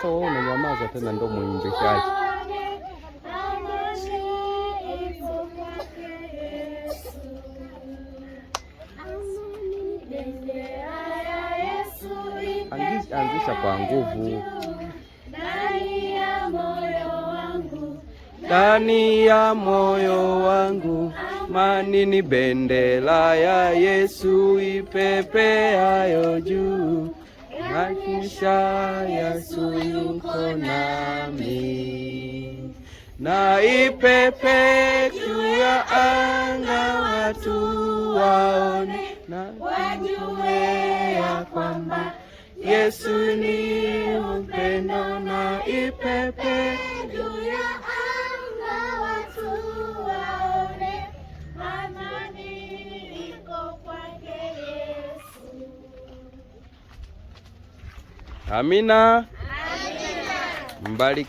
Sasa wewe unanyamaza tena, ndo mwinjekaji. Anzisha kwa nguvu ndani ya moyo wangu, mani ni bendera ya Yesu ipepeayo juu Hakikisha Yesu yuko nami, na ipepe juu ya anga, watu waone na wajue ya kwamba Yesu ni upendo, na ipepe juu ya anga, watu Amina, amina. Mbariki.